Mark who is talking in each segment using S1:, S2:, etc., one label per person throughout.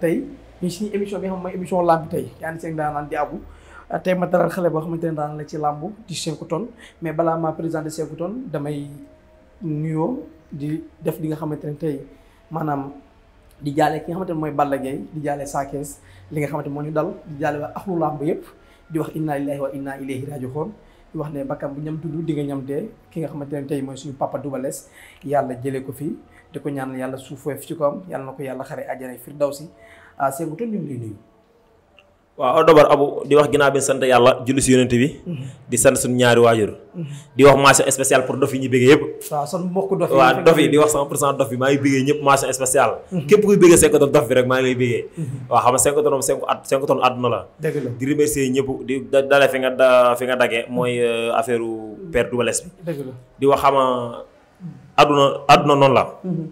S1: tey ñu suñu émission bi nga xam mooy émission làmb tey yaa ngi seen daanaan di abu tey ma taral xale boo xamante ne daan la ci làmb di Sékou Tonn mais balaa maa présenté Sékou Tonn damay nuyoo di def li nga xamante ne tey maanaam di jaale ki nga xamante ne mooy Balla Gaye di jaale Sakess li nga xamante moo ñu dal di jaale waa axlu làmb yëpp di wax inna lillahi wa inna ilayhi raji'un di wax ne bakkan bu ñam dund di nga ñam dee ki nga xamante ne tey mooy suñu papa Doubalès yàlla jëlee ko fii di ko ñaan yàlla suuf woyof ci ko am yàlla na ko yàlla xare àjjana firdawsi ah Seydou Touré ñu ngi lay nuyu.
S2: waaw dobar abu di wax ginnaaw bi sant yàlla julli si yonent bi mhm. di sant suñu ñaari waajur mhm. di wax mention spéciale pour dof yi ñu bëggee yëpp
S1: waaw son mbokk dof yi waaw dof yi di
S2: wax 100 pour cent dof yi maa ngi bëggee ñëpp mention spéciale mhm. képp kuy bëggee cinq tonnes dof bi rek maa ngi bëggee waaw xam nga cinq tonnes moom cinq at cinq tonnes la di remercier ñëpp di dalee fi nga da fi nga dagee mooy euh, affaire u père Doubalès àdduna àdduna noonu la. Mhm.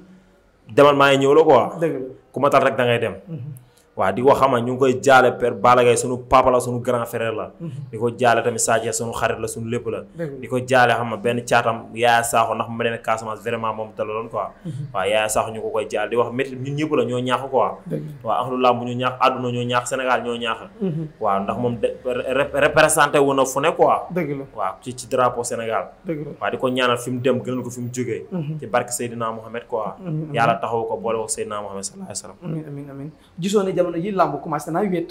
S2: demal maa ngi ñëw la quoi. dëgg la ku ma rek da ngay dem. Mhm. waaw di ko xama ñu ngi koy jaale père Balla Gaye suñu papa la suñu grand frère la mhm. di ko jaale tamit Sadio suñu xarit la suñu lépp la di ko jaale xam nga benn caatam Yaaya Sakho ndax mu demee Casamance vraiment moom dalaloon quoi mhm. waaw Yaaya Sakho ñu ko koy jaale di wax métti ñun ñëpp la ñoo ñaax quoi waaw axlu làmb ñoo ñaax àdduna ñoo ñaax Sénégal ñoo ñaax
S1: mhm. waaw ndax moom
S2: représenté wu na fu ne quoi waaw ci ci drapeau Sénégal waaw di ko ñaanal fi mu dem gënal ko fi mu jógee ci barke Seydina Mohamed quoi yàlla taxaw ko boole ko Seydina Mohamed sallallahu
S1: alayhi wa sallam jamono ji làmb commencé naa wéet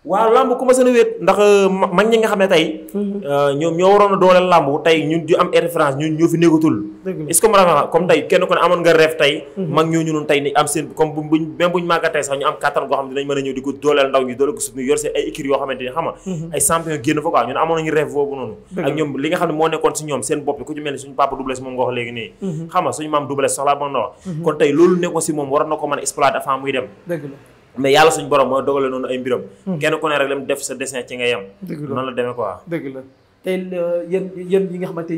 S2: waaw làmb commencé na wéet ndax euh, mag ñi nga xam ne tey. Mhm. Euh, ñoom ñoo waroon a dooleel làmb tey ñun di am référence ñun ñoo fi nekkatul. est comme tey kenn mhm. comme buñ ñu am kattan goo mhm. moo nekkoon si ñoom seen bopp ku ci mel ni suñu papa Double Less moom nga wax léegi nii. xam nga suñu maam loolu nekkoon si moom waroon na ko mën a exploiter muy dem mais yàlla suñu borom moo dogale noonu ay mbiram. Hmm. kenn ku ne rek lam def sa dessin ci nga yem. dëgg la noonu la demee quoi.
S1: Euh, ngeen li nga xamante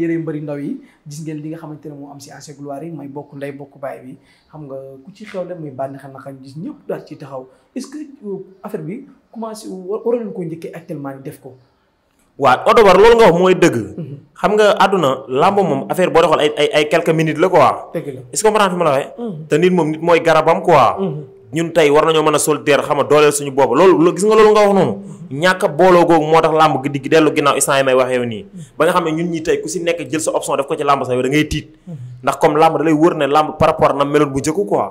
S1: ne moo am si Anciens Gloires mooy bokk ndey bokk baay bi xam nga ku ci xew la muy bànn xam naqañ ñëpp daal ci taxaw que euh, affaire bi commencé waroon nañu ko njëkkee actuellement def ko.
S2: waaw Odo War loolu nga wax mooy dëgg. Hmm. xam nga àdduna làmb moom affaire boo doxal ay ay ay quelques minutes la quoi. dëgg la est-ce que comprendre la waxee. Hmm. te nit moom nit mooy garabam quoi. ñun tey war nañoo mën a sol der dooleel suñu bopp loolu gis nga loolu nga wax noonu ñàkk a booloo googu moo tax làmb gi di dellu ginnaaw instant yi may wax yow nii ba nga xam ne ñun ñi tey ku si nekk jël sa option def ko ci làmb sax yow da ngay tiit ndax comme làmb da wër ne làmb par rapport na meloon bu njëkk quoi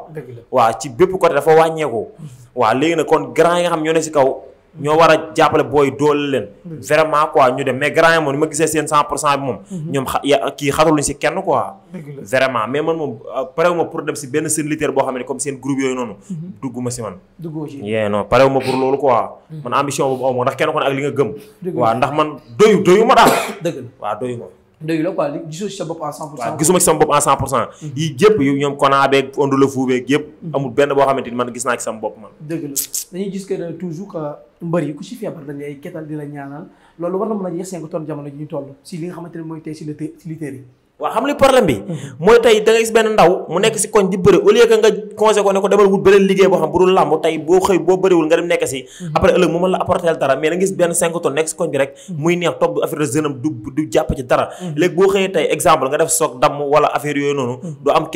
S2: waaw ci bépp côté dafa wàññeeku mm-hmm. waaw léegi nag kon grand yi nga xam ñoo ne si kaw ñoo war a jàppale booy doole leen. vraiment quoi ñu dem mais grand yi moom ni ma gisee seen 100 pour cent bi moom. Mhm. ñoom xa kii xataluñ si kenn quoi. vraiment mais man moom euh, parewu pour dem si benn seen litère boo xam ne comme seen groupe yooyu noonu. Mhm. dugguma si man. duggoo ci pour loolu quoi. Mhm. man ambition boobu aw ma ndax kenn ko ne ak li nga gëm. waaw ndax man doyu doyu ma daal. dëgg doyu
S1: ma. doyu si sa bopp
S2: à cent. pour cent. yii yëpp yu ñoom
S1: mbër yi ku si feebar dañ lay ketal di la ñaanal loolu war na mën a yeesee nga toon jamono ji ñu toll si li nga xamante ne mooy tey si lutte si yi
S2: waaw xam li problème bi mooy tey da nga gis benn ndaw mu nekk si koñ di bëri au lieu que nga conseillé ko ne ko demal wut beneen liggéey boo xam bu dul làmb tey boo xëy boo bëriwul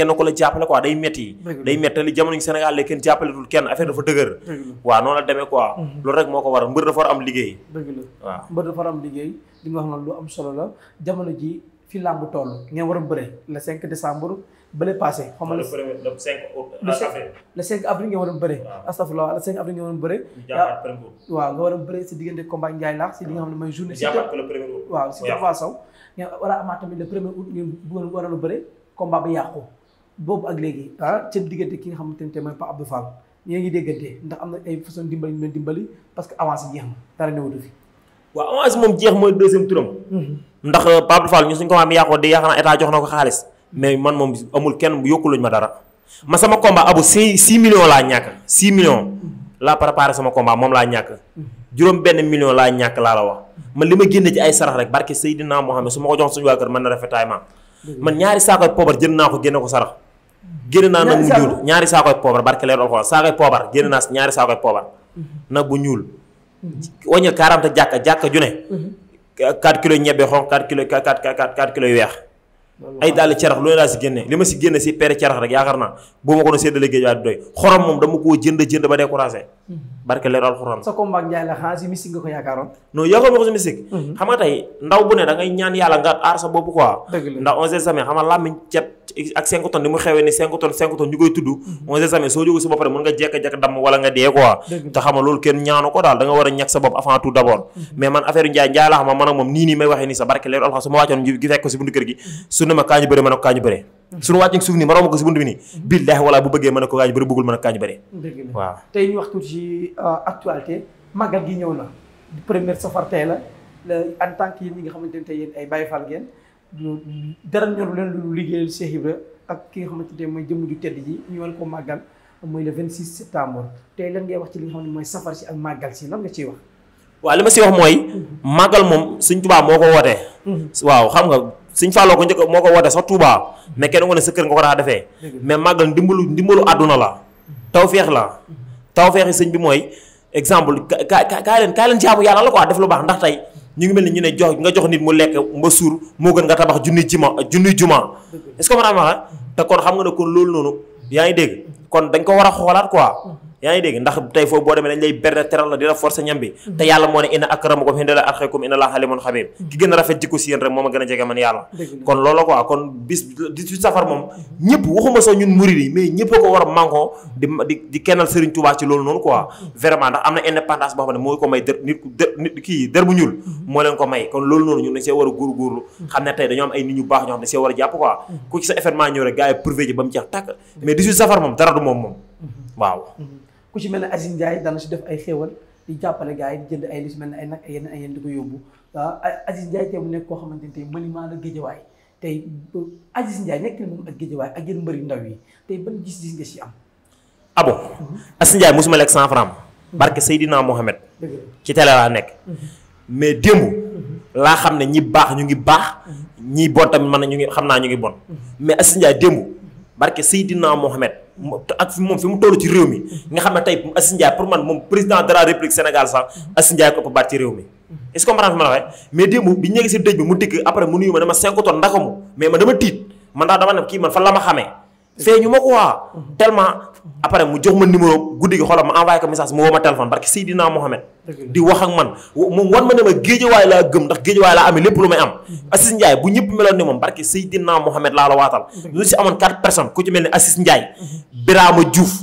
S2: kenn ko la jàppale quoi day metti day metti li jamono ñu Sénégal dafa war am liggéey
S1: dëgg mbër dafa war am liggéey li xam ne lu am solo la jamono ji fi làmb tool ngeen war a bëre le 5 décembre bële passé. xaw ma avril. ngeen war a bëre. waaw astafurlah le 5 avril ngeen war a bëre. nga war a bëre si diggante combat Ndiaye laax si li nga xam ne mooy journée. si waaw si Tapha Sow. ngeen war a amaat tamit le premier août ngeen bëggoon war a bëre combat ba yàqu boobu ak léegi ah ci diggante ki nga xamante ne mooy Pape Abdou Fall ñu ngi déggante ndax am na ay façon dimbali ñu leen dimbali parce que avancé jeex na dara newatu fi waaw avance moom jeex
S2: mooy deuxième turam. Mhm. ndax euh, Pape Fall ñu suñ ko xam yàqoo de yaakaar naa état jox na ko xaalis mais man moom amul kenn bu yokkuluñ ma dara ma sama combat abu six six millions laa ñàkk six millions mhm. laa préparé sama combat moom laa ñàkk mhm. juróom benn million laa ñàkk laa la wax man li ma génne ci ay sarax rek barke Seydina Mohamed su ma ko jox suñu waa kër man na rafetaay ma man ñaari saakoy poobar jënd naa ko génne ko sarax génn naa nag mu ñuul ñaari saakoy poobar barke leer alxuraan saakoy poobar naa ñaari saakoy poobar nag ñuul wàññil 40 jàkka jàkka ju ne. 4 mhm. kilos ñebe xonq 4 kilos 4 4 4 kilos yu weex. ay daal carax lu ne laa si génne li ma si génne si pere carax rek yaakaar naa bu ma ko doon séddalee géej waa du doy jënd jënd ba découragé. Mhm. barke leer alxuraan.
S1: sa combat ak Ndiaye la xaalis yu mystique nga ko yaakaaroon.
S2: non yaakaar ma si mystique. Mhm. xam nga tey ndaw bu ne da ñaan yàlla nga aar sa bopp quoi. dëgg la ndax on sait xam nga làmmiñ cet ak 5 tonnes ni mu xewee ni 5 tonnes 5 tonnes ñu koy tudd on sait jamais soo jógee si boppam mën nga jekk-jekk damm wala nga dee quoi te xam loolu kenn ñaanu ko daal da war a ñàkk sa bopp avant tout d'abord mm-hmm. mais man affaire Njaay Njaay laa xam ma wàccoon gi ko si buntu mm-hmm. su ne ma mm-hmm. nii ma romb ko si buntu bi nii billaahi wala bu bëggee ma ne ko kaa ñu bëggul ma ne ko kaa ñu
S1: tey ñu wax ci euh, actualité màggal gi ñëw na première dara ñor leen lu liggéeyal Cheikh Ibra ak ki nga xamante ne mooy jëmm ju tedd ji ñu war ko màggal muy le 26 septembre tey lan ngay wax ci li nga xam ne mooy safar si ak màggal si lan nga ciy wax.
S2: waaw li ma si wax mooy. màggal moom Sëñ Tuubaa moo ko wootee. Mm-hmm. waaw xam nga suñ Fallou ko njëkk moo ko wootee sax Tuubaa mais kenn ku ne sa kër nga ko daa defee. mais màggal ndimbalu ndimbalu àdduna la. Mm-hmm. tawféex la mm-hmm. tawféexi sëñ bi mooy exemple ka ka kaay leen kaay leen la quoi def lu baax ndax tey. ñu ngi mel ni ñu ne jox nga jox nit mu lekk mba suur moo gën nga tabax junni juma junni juma est-ce que ma te kon xam nga ne kon loolu noonu yaa ngi dégg kon dañ ko war a xoolaat quoi mm-hmm. yaa ngi dégg ndax tey foofu boo demee dañ lay berde teral la di la forcer ñam bi te yàlla moo ne inna akramakum inda la atqakum inna laaha aliimun xabiir ki gën a rafet jikko si yéen rek moom a gën yàlla loolu la quoi kon bis a ko war am ne moo ko may dër nit nit kii dër bu ko may kon loolu noonu ñun dañ see a góorgóorlu xam ne tey dañoo am ay moom dara du moom moom waaw
S1: mm-hmm. ku ci mel ne Aziz dana si def ay xéewal di jàppale gars yi di jënd ay li si mel ne ay nag ay yenn ay yenn di ko yóbbu ah, Aziz Ndiaye tey mu nekk koo xamante ni tey manimaa la géejawaay tey Aziz Ndiaye nekk na moom ak géejawaay ak yéen mbëri ndaw yi tey ban gis am.
S2: ah bon mhm. Aziz lekk 100 francs
S1: mhm. barke
S2: Seydina Mohamed. ci télé laa nekk. Mhm. mais démb. laa xam ne ñi baax ñu ngi baax. ñi bon tamit man na ñu ngi xam naa ñu ngi bon. mais Aziz Ndiaye démb barke Seydina Mohamed. ak moom fi mu toll ci réew mi nga xam ne tey Aziz Ndiaye pour man moom président de la république Sénégal sax Aziz Ndiaye ko ëpp baat ci réew mi est-ce que la waxee mais démb bi ñu si dëj bi mu dikk après mu nuyu ma dama 5 tonnes ndakamu mais ma dama tiit man daa dama ne kii man fan la ma xamee feeñu ma ko waa tellement après mu jox ma numéro guddi gi xoolal ma envoyé ko message mu woo ma téléphone barke Seydina Mohamed. di wax ak man moom wan ma ne ma géejawaay laa gëm ndax géejawaay laa amee lépp lu may am. Assis Ndiaye bu ñëpp meloon ni moom barke Seydina Mohamed laa la waatal. lu si amoon quatre personnes ku ci mel ne Assis Ndiaye. Birama Diouf.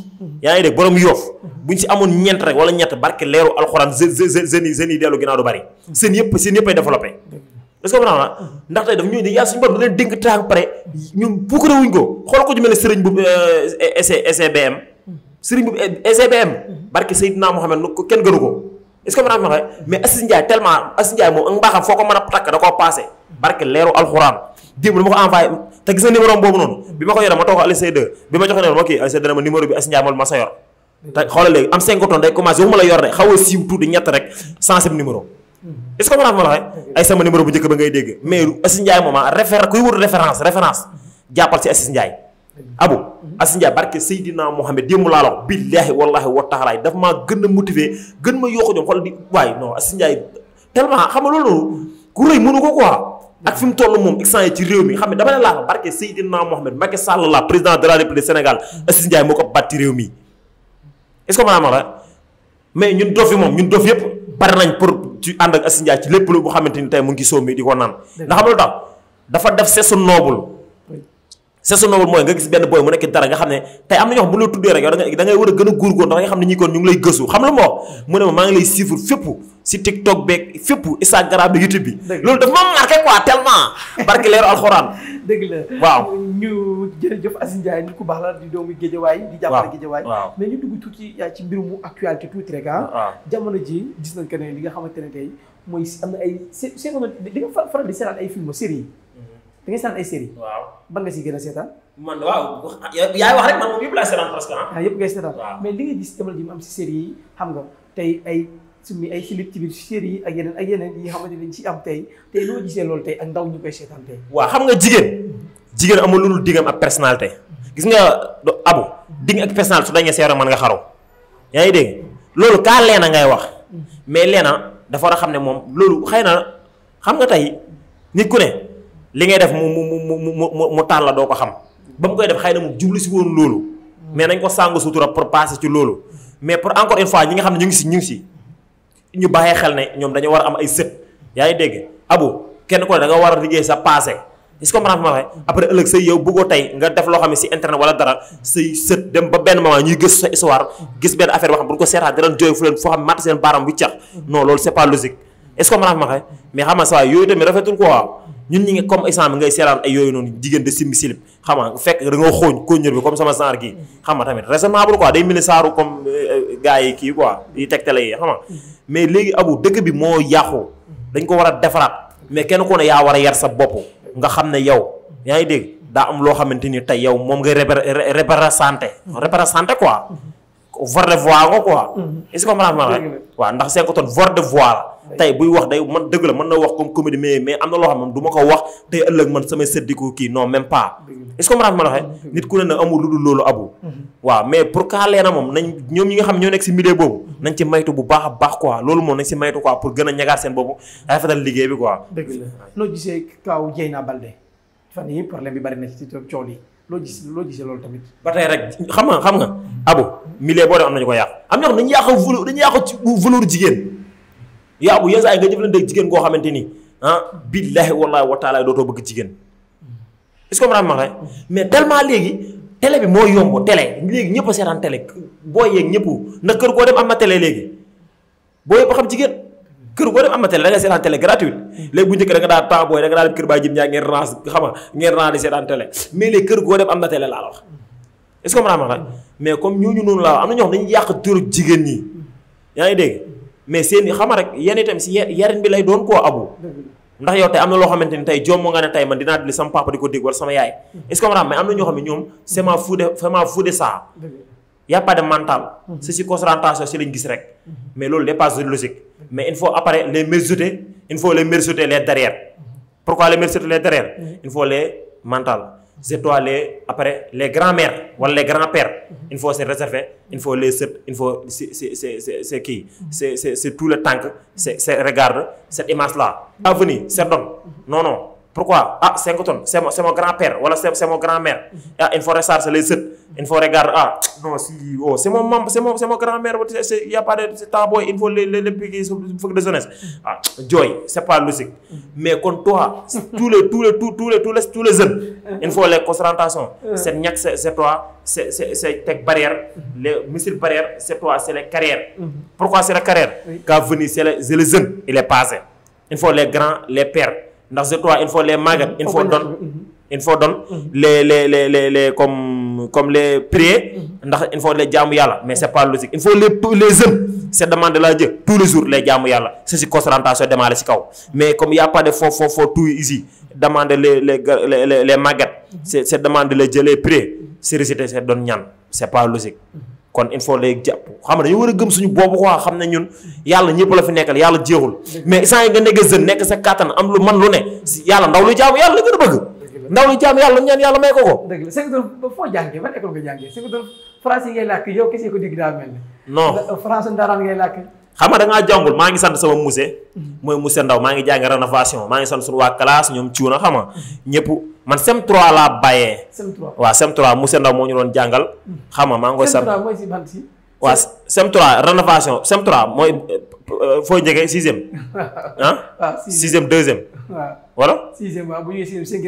S2: yaa ngi dégg borom yoof bu ñu si amoon ñeent rek wala ñett barke leeru alxuraan je je je jeunes yi dellu ginnaaw du bari. seen yëpp seen est-ce que ma naa mm-hmm. ndax tey daf ñuy ne yàlla suñu wuñ ko xool ko ju mel ne sëriñ bu SCBM sëriñ bu ko kenn gënu ko est-ce que ma naa ko mën ko envoyé te gis nga numéro boobu noonu bi ma ko yoree ma toog Aliou bi ma joxe numéro ma kii Aliou Seye 2 dama numéro bi Assis Ndiaye moom ma sa yor te xoolal léegi am 5 la yor xaw a ñett rek sensible numéro est-ce que ma la ay sama numéro bu njëkk ba ngay dégg mais Aziz Ndiaye moom ah, référence kuy wut référence référence jàppal ci Aziz Ndiaye abu Aziz Ndiaye barke Seydina Mohamed la wax ma yooxu ñoom xool mu toll moom instant yi ci réew mi xam ne dama ne laa barke Seydina Mohamed Macky Sall la président de la mais ñun dof yi moom ñun dof yëpp bari nañ pour ci ànd ak Aziz ci lépp lu nga xamante ni tey mu ngi soow mi di ko naan. ndax xam nga lu tax dafa def c'est noble saisonnière mooy nga gis benn booy mu nekk dara nga xam ne tey am na ñoo xam bu la tuddee rek yow da ngay war a gën a góorgóorlu ndax nga xam ne ñi kon ñu ngi lay gëstu
S1: la waaw ñu jërëjëf Aziz Ndiaye nit ku baax la di doomu géejawaay. di jàppale géejawaay. mais ñu dugg tuuti euh, ci mbir mu actualité tuuti rek ah. jamono ji gis nañ que ne li nga xamante ne tey mooy am na ay sé sé di nga faral di seetaan ay film série da ngay seetaan ay séries. waaw ban nga si gën a seetaan.
S2: man waaw yaay wax rek man moom yëpp ah. Ah,
S1: yëpp ngay seetaan mais li nga am nga tey ay summi ay silib ci biir séries ak yeneen ak yeneen yi nga xamante ne ci am tey tey loo gisee loolu tey ak ndaw ñu koy seetaan tey.
S2: waaw xam nga jigéen jigéen amul lu dul diggam ak personnalité gis nga abu digg ak personnalité su dañee seero mën nga xaraw yaa ngi dégg loolu kaa leena ngay wax mm. mais leena dafa war a xam ne moom loolu xëy na xam nga tey nit ku ne. li ngay def mu mu mu mu mu mu taal la doo ko xam ba mu koy def xëy na mu jublu si woon loolu. mais nañ ko sàngu sutura pour passer ci loolu. mais pour encore une fois ñi nga xam ne ñu ngi si ñu ngi si ñu bàyyee xel ne ñoom dañu war a am ay sët. yaa ngi dégg abu kenn ku ne da nga war a liggéey sa passé est ce que maanaam fi ma waxee après ëllëg say yow bëggoo tey nga def loo xam ne si internet wala dara say sët dem ba benn moment ñuy gis sa histoire gis benn affaire boo xam ne bu ko seetaan dinañ jooy fu leen foo xam matt seen baaram bu cax non loolu c'est pas logique est ce que maanaam fi ma waxee mais xam nga saa yooyu tamit rafetul quoi ñun ñi nga comme exemple ngay seetaan ay yooyu noonu jigéen de simbi silib xam nga fekk da nga xooñ koññër bi comme sama genre gi xam nga tamit raisonnable quoi day mel ni saaru comme euh, euh, gars yi kii quoi yi tegtale yi xam mais léegi abu dëkk bi moo yàqu dañ ko war a defaraat mais kenn ku ne yaa war a yar sa bopp nga xam ne yow yaa ngi dégg daa am loo xamante ni tey yow moom ngay représenté représenté quoi vor de voix nga quoi mm-hmm. est-ce que comprendre ma la waaw ndax cinq tonnes vor de voix tey buy wax day man dëgg la mën na wax comme comédie mais mais am na loo xam ne du ma ko wax tey ëllëg man samay sët di ko kii non même pas est ma la nit ku ne na amul lu dul loolu abu waaw mais pour cas leena moom nañ ñoom ñi nga xam ñoo nekk si milieu boobu nañ a baax quoi loolu moom nañ si maytu quoi pour a ñagaat seen boobu rafetal liggéey bi quoi
S1: dëgg la loo gisee kaw Dieyna Baldé fan yi bi bari na ci yi loo loo gisee loolu tamit. ba tey
S2: xam nga xam nga. abo milieu boo dem am nañu ko na ñoo xam dañuy yàq valeur
S1: dañuy yàq
S2: jigéen. yaa bu yenn saa yi nga jëflante ak jigéen koo xamante ni ah billahi wallahi wa taala dootoo bëgg jigéen est-ce que ma la mais tellement léegi télé bi moo yomb télé ñëpp a seetaan télé booy yeeg kër goo dem am léegi booy yëpp xam jigéen kër goo dem am na télé da ngay seetaan télé gratuite léegi bu njëkk da nga daan xam nga ngeen rance di seetaan télé mais léegi kër goo dem am na télé laa la wax est-ce que ma mais comme ñu noonu laa wax am na ñoo xam dañuy yàq dóor jigéen ñi yaa ngi dégg mais seen i xama rek yan itam si yarin bi lay doon koo abu ndax yow tey am na loo xamante ni tey jomm nga ne tey man dinaa dili sama papa di ko dégg wala sama yaay est-ce que ma mais am na ñoo xam ne ñoom c'est ma de c'est ma de ça y a pas si concentration si lañ gis rek mais loolu dépasse de logique mais il faut après les mirsauter il faut les mirsauter les derrière pourquoi les mirsauter les derrière il faut les mental surtout les après les grands-mères wala les grands-pères il faut se réserver il faut les sët il faut c'est c'est c'est kii c'est c'est tout le temps que c'est c'est regarde cette image là avenir cet homme non pourquoi ah 5 tonnes c'est mon c'est mon grand-père wala c'est c'est grand-mère ah il faut resarcir les sët il faut regarder ah non si oh c'est mon mam c'est mon grand-mère c'est y a pas de temps booy il faut les les de jeunesse ah jooy c'est pas logique mais kon toi tous les tous les tous les tous les tous les jeunes il faut les concentration c'est ñàkk c'est c'est toi c'est c'est c'est teg barrière les missiles barrière c'est toi c'est les carrières pourquoi c'est la carrière ndax c'est toi il faut les màggat mhm. il faut don il faut don les les les les les comme comme les prier mhm. ndax il fo les jaamu yàlla mais c'est pas logique il faut les les jeunes c'est demander la Dieu tous les jours les jaamu yàlla c'est si concentration démarrer si kaw mais comme y a pas de faux faux faux tout ici demander les les les les màggat mhm. c'est c'est demander la Dieu les prier c'est réciter c'est ñaan c'est pas logique kon il faut jàpp xam nga dañu war gëm suñu boobu quoi xam ne ñun yàlla ñëpp la fi nekkal yàlla jeexul mais isant yi nga nekk sa kàttan am lu man lu ne yàlla ndaw lu jaamu yàlla la gën
S1: a bëgg ndaw lu jaamu yàlla ñaan yàlla may ko ko dëgg la Sénégal foo ngay làkk yow kese ko dégg daa mel non xam
S2: nga da ngaa maa ngi sant sama musée mooy musée ndaw maa ngi jàngi rénovation maa ngi sant suñu waa classe ñoom ciw na xam nga ñëpp man sem 3 laa bàyyee waa sem 3 musée ndaw moo ñu doon jàngal xam nga maa ngi koy sant waaw sem 3 rénovation sem 3 mooy euh, foo njëkkee sixième
S1: ah? ah
S2: sixième deuxième wala
S1: sixième waaw bu ñu sixième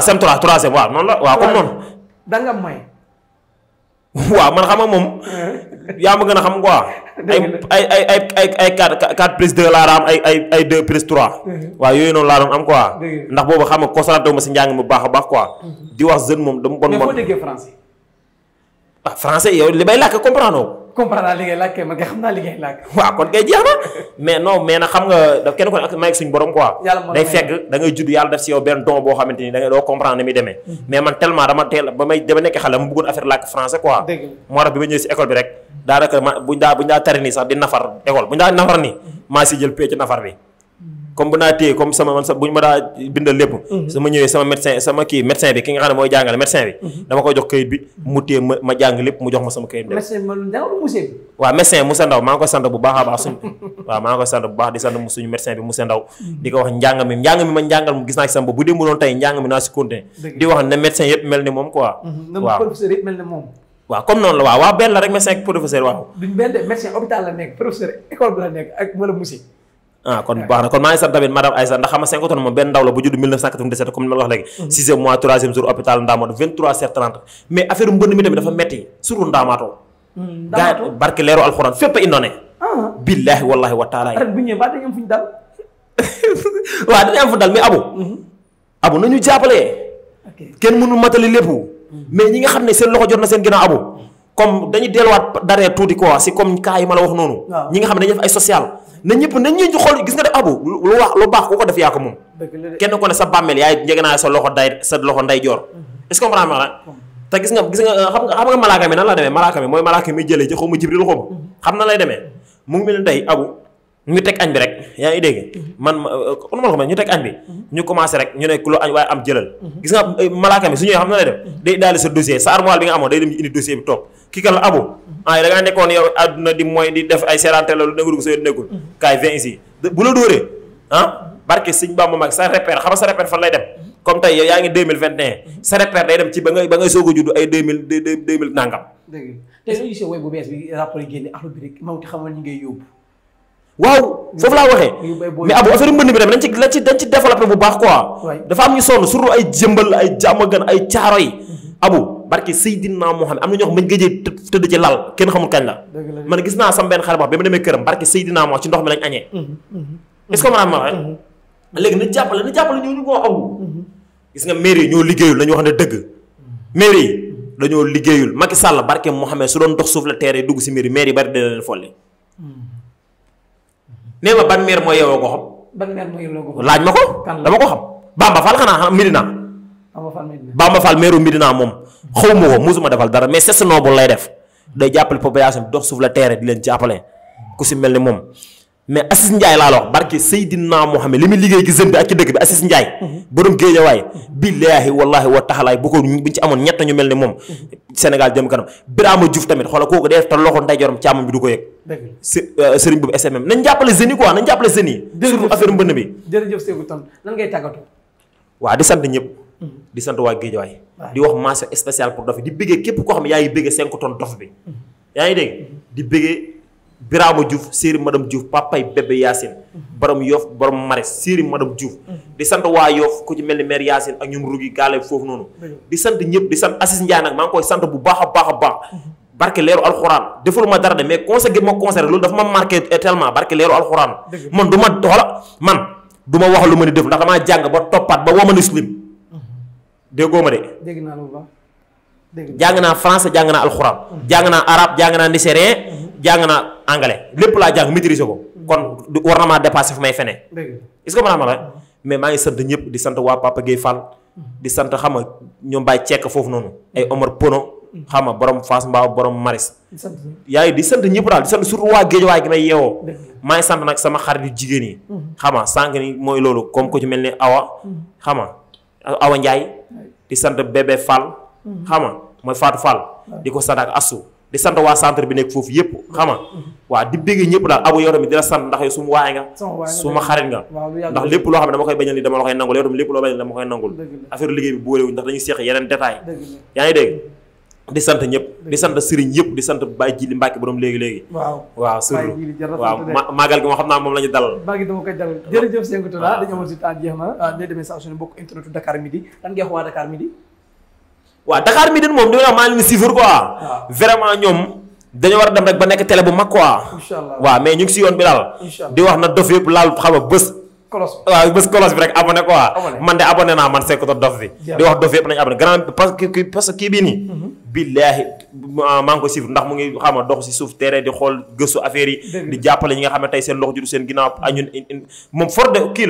S2: sem 3 troisième waaw noonu la waaw comme
S1: noonu waaw man xam moom. yaa ma gën a xam quoi.
S2: ay ay ay ay ay quatre quatre plus deux laa am ay ay ay deux plus trois. waaw yooyu noonu laa doon am quoi. ndax boobu xam nga concentré wu ma si njàng mu baax a baax quoi. Mhm. di wax jeune moom dama bon bon. mais foo déggee français. ah français yow li bay làkk comprendre
S1: comprendre naa liggéey laaj kay man kay xam naa liggéey laaj. waaw kon kay
S2: jeex na mais non mais nag xam nga daf kenn ko ak may suñu borom quoi. day fekk da ngay yàlla def si yow benn don boo xamante ni da ngay doo comprendre ni muy demee. Mm. mais man tellement dama teel ba may dama nekk xale ma bëggoon affaire làkk français quoi. moo tax bi ma ñëwee si école bi rek daanaka ma buñ daa tari nii sax di nafar école buñ daa nafar nii mm. maa si jël pee nafar bi. comme bu naa téye comme sama man sa bu ñu ma daa bindal lépp mhm. su ma ñëwee sama médecin sama kii médecin bi ki nga xam ne mooy jàngale médecin bi mhm. dama koy jox kayit bi a mhm. moom quoi ah kon baax na kon maa ngi sant tamit madame Aïssa ndax xam nga 5 tonnes moom benn ndaw la bu judd 1997 comme ni ma la wax mhm. hmm, a indoone.
S1: Ah. ñu dal. waaw
S2: dañu am fu dal mais abu. Mhm. abu nañu jàppalee. Hmm. ñi nga xam ne seen loxo jot na seen ginnaaw abu. Hmm. comme dañuy delluwaat daree tuuti quoi si comme cas yi ma la wax noonu. ñi nga xam ne dañuy def ay social na ñëpp na ñuy xool gis nga def abu lu wax lu baax ku ko def yaa ko moom. kenn ko ne sa bàmmeel yaay njëg naa sa loxo day sa loxo nday joor. Mm-hmm. est-ce que comprendre nga te gis nga gis nga euh, xam nga xam nga malaaka mi nan la demee malaaka mi mooy malaaka mi jëlee ci xaw ma jibril xaw ma mm-hmm. xam na lay demee mu ngi mel ni tey abu ñu teg añ bi rek yaa ngi dégg mhm. man kon euh, ma la ko ma ñu teg añ bi mhm. ñu commencé rek ñu ne ku loo añ waaye am jëlal mhm. gis nga euh, malaaka mi su ñëwee xam na lay def day sa dossier sa armoire bi nga amoon day dem indi ah, da ngaa nekkoon di mooy di def ay serante la lu nekkul vin ici bu la dóoree ah barke sëñ Bamba mag sa repère xam nga sa repère fan lay dem comme tey yaa ngi 2021 sa repère day dem ci ba ngay ba ngay soog a judd ay 2000 2000 nangam
S1: dëgg tey soo
S2: waaw foofu laa waxee.
S1: mais abu affaire mbënd bi tamit dañ ci dañ ci dañ
S2: ci développé bu baax quoi. dafa am ñu sonn surtout ay jëmbal ay jàmmagan ay caaro yi. Mhm. abu barki Seydina Mohamed am na ñoo xam mañ gëjee tëdd ci lal kenn xamul kañ la. man gis naa sam benn xarit ma demee këram barki Seydina Mohamed ci ndox mi lañ añee. Mhm, mhm. est ma léegi na
S1: jàppale na jàppale ñooñu koo abu.
S2: gis nga mairie ñoo liggéeyul nañu wax ne dëgg. mairie dañoo liggéeyul Macky Sall barke Mohamed su doon dox suuf la teere dugg si mairie mairie bari dina leen folli nee ma ban meer moo yeewoo ko xam.
S1: ban meer ko xam laaj ma ko. dama ko xam
S2: Bamba Fall xanaa xanaa Medina. Bamba Fall meeru Medina moom. xaw ma ko musuma defal dara mais c'est noble lay def day jàppale population bi dox suuf la terre di leen jàppale ku si mel ni moom mais Assis Ndiaye laa la wax barke Seydina Mohamed li muy liggéey gi zëm bi ak ci dëkk bi Assis Ndiaye. borom géejawaay. billaahi wallaahi wa taxalaay bu ko buñ ci amoon ñett ñu mel ni moom. Sénégal jëm kanam Birama Diouf tamit xoolal kooku day def te loxo ndeyjooram càmmam bi du ko yëg. dëgg la euh, sëriñ boobu SMM nañ jàppale jeunes yi quoi nañ jàppale jeunes yi. jërëjëf surtout affaire mbënn bi.
S1: jërëjëf Seydou
S2: waa di sant ñëpp. Mm-hmm. di sant waa géejawaay. di wax mention spéciale pour dof di bëggee képp koo xam ne yaa ngi bëggee 5 tonnes dof Birama Diouf séeri madame Diouf papay bébé Yacine borom Yoff borom Maris séeri madame Diouf mm-hmm. di sant waa Yoff ku ci mel ni maire Yacine ak ñoom rugi gaale foofu noonu di sant ñëpp di sant Assis Ndiaye nag maa ngi koy sant bu baax a baax a baax mm-hmm. barke leeru alxuraan deful ma dara de mais conseil gi ma conseillé loolu dafa ma marqué tellement barke leeru alxuraan man du ma man du wax lu ma ni def ndax damaa jàng ba toppaat ba womani slim mm-hmm. déggoo ma de dégg naa jàng naa français jàng naa alxuraan naa arabe jàng naa nigérien jàng naa anglais lépp laa jàng maîtriser ko kon war na maa dépassé fu may fenee est-ce que maanaam la mais maa ngi sant ñëpp di sant waa Papa Gueye di sant xam nga ñoom bàyyi cekk foofu noonu ay Omar Pono xam borom Fass Mbao borom Maris yaay ngi di sant ñëpp daal di sant surtout waa géej waay gi may yeewoo maa ngi sant nag sama xarit jigéen yi mhm. xam nga sànq ni mooy loolu comme ko ci mel ni Awa mhm. xam nga Awa Ndiaye di sant bébé Fall mhm. xam nga mooy Fatou Fall di ko sant di sant waa centre bi nekk foofu yëpp xam nga waaw di bëgg ñëpp daal abu yow tamit di la sant ndax yow su nga su xarit nga ndax lépp loo xam ne dama koy bañal ni dama koy nangul yow liggéey bi boolewuñ ndax dañuy seex yeneen détail yaa ngi dégg di sant ñëpp di sant sëriñ yëpp di sant Baye Jili Mbacke borom léegi-léegi waaw waaw sëriñ waaw maagal gi moo xam naa moom la ñu dalal
S1: maa ah, ngi waaw Dakar
S2: Midi moom dina maa leen di suivre quoi. Ah. vraiment ñoom dañoo war a dem rek ba nekk télé bu mag quoi. incha waa waaw mais ñu ngi si yoon bi daal. di wax na dof yëpp laal xam nga bés. kolos waaw bés kolos bi rek abonné quoi. man de abonné naa man Seku dof bi. di wax dof yëpp nañu abonné grand parce que parce que kii bii nii. Mhm. billaahi ah, maa ngi ko suivre ndax mu ngi xam dox si suuf terrain di xool gësu affaire yi. di jàppale ñi nga xam ne tey seen loxo juddu seen ginnaaw ñun moom fort de kii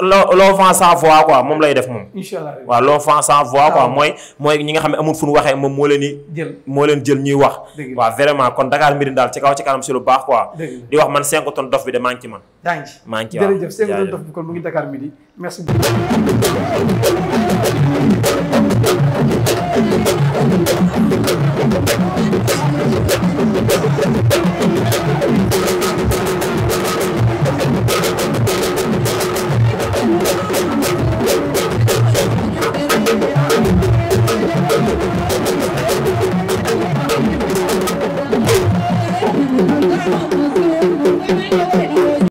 S2: l'enfant sans voix quoi moom lay def moom. incha allah waaw l'enfant sans voix ah. mooy mooy ñi nga xam ne amul fu ñu waxee moom moo leen di. jël moo leen jël ñuy wax. waaw vraiment kon Dakar Midi daal ci kaw si lu baax quoi. di wax man 5 tonnes dof bi de maa ngi ci man. daa maa ngi ci waaw jërëjëf 5 tonnes dof
S1: bi kon mu ngi Dakar Midi